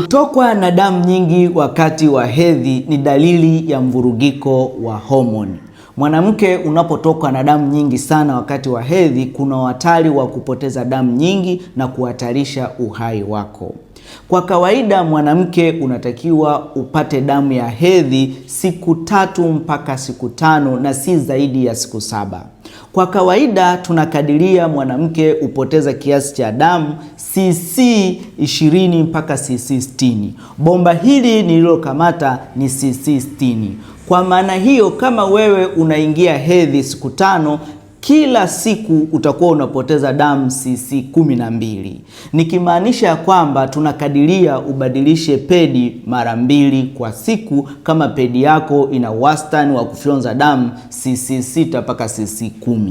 Kutokwa na damu nyingi wakati wa hedhi ni dalili ya mvurugiko wa homoni. Mwanamke, unapotokwa na damu nyingi sana wakati wa hedhi, kuna hatari wa kupoteza damu nyingi na kuhatarisha uhai wako. Kwa kawaida mwanamke unatakiwa upate damu ya hedhi siku tatu mpaka siku tano na si zaidi ya siku saba. Kwa kawaida tunakadiria mwanamke hupoteza kiasi cha damu cc 20 mpaka cc 60. Bomba hili nililokamata ni cc 60. Kwa maana hiyo, kama wewe unaingia hedhi siku tano kila siku utakuwa unapoteza damu cc 12, nikimaanisha kwamba tunakadiria ubadilishe pedi mara mbili kwa siku, kama pedi yako ina wastani wa kufyonza damu cc 6 mpaka cc 10.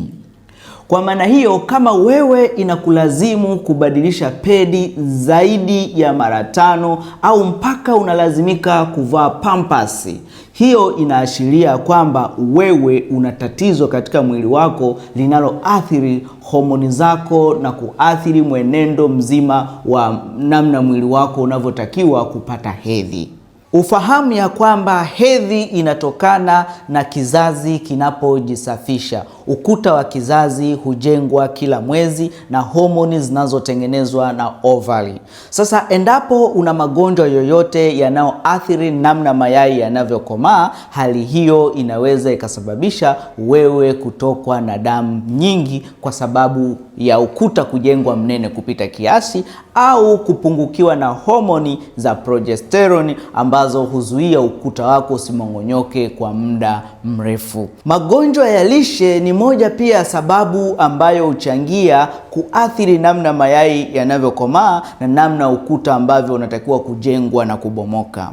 Kwa maana hiyo, kama wewe inakulazimu kubadilisha pedi zaidi ya mara tano au mpaka unalazimika kuvaa pampasi, hiyo inaashiria kwamba wewe una tatizo katika mwili wako linaloathiri homoni zako na kuathiri mwenendo mzima wa namna mwili wako unavyotakiwa kupata hedhi. Ufahamu ya kwamba hedhi inatokana na kizazi kinapojisafisha. Ukuta wa kizazi hujengwa kila mwezi na homoni zinazotengenezwa na ovary. Sasa endapo una magonjwa yoyote yanayoathiri namna mayai yanavyokomaa, hali hiyo inaweza ikasababisha wewe kutokwa na damu nyingi kwa sababu ya ukuta kujengwa mnene kupita kiasi au kupungukiwa na homoni za progesterone ambazo huzuia ukuta wako usimong'onyoke kwa muda mrefu. Magonjwa ya lishe ni moja pia ya sababu ambayo huchangia kuathiri namna mayai yanavyokomaa na namna ukuta ambavyo unatakiwa kujengwa na kubomoka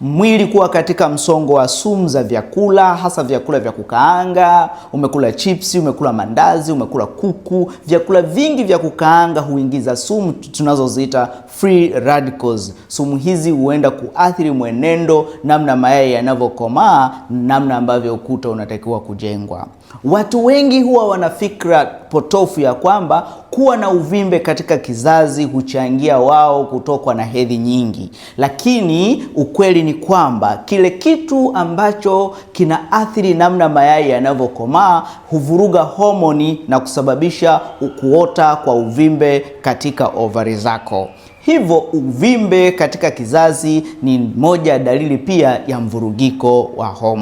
mwili kuwa katika msongo wa sumu za vyakula, hasa vyakula vya kukaanga. Umekula chipsi, umekula mandazi, umekula kuku. Vyakula vingi vya kukaanga huingiza sumu tunazoziita free radicals. Sumu hizi huenda kuathiri mwenendo, namna mayai yanavyokomaa, namna ambavyo ukuta unatakiwa kujengwa. Watu wengi huwa wana fikra potofu ya kwamba kuwa na uvimbe katika kizazi huchangia wao kutokwa na hedhi nyingi, lakini ukweli kweli ni kwamba kile kitu ambacho kinaathiri namna mayai yanavyokomaa huvuruga homoni na kusababisha kuota kwa uvimbe katika ovari zako. Hivyo uvimbe katika kizazi ni moja ya dalili pia ya mvurugiko wa homoni.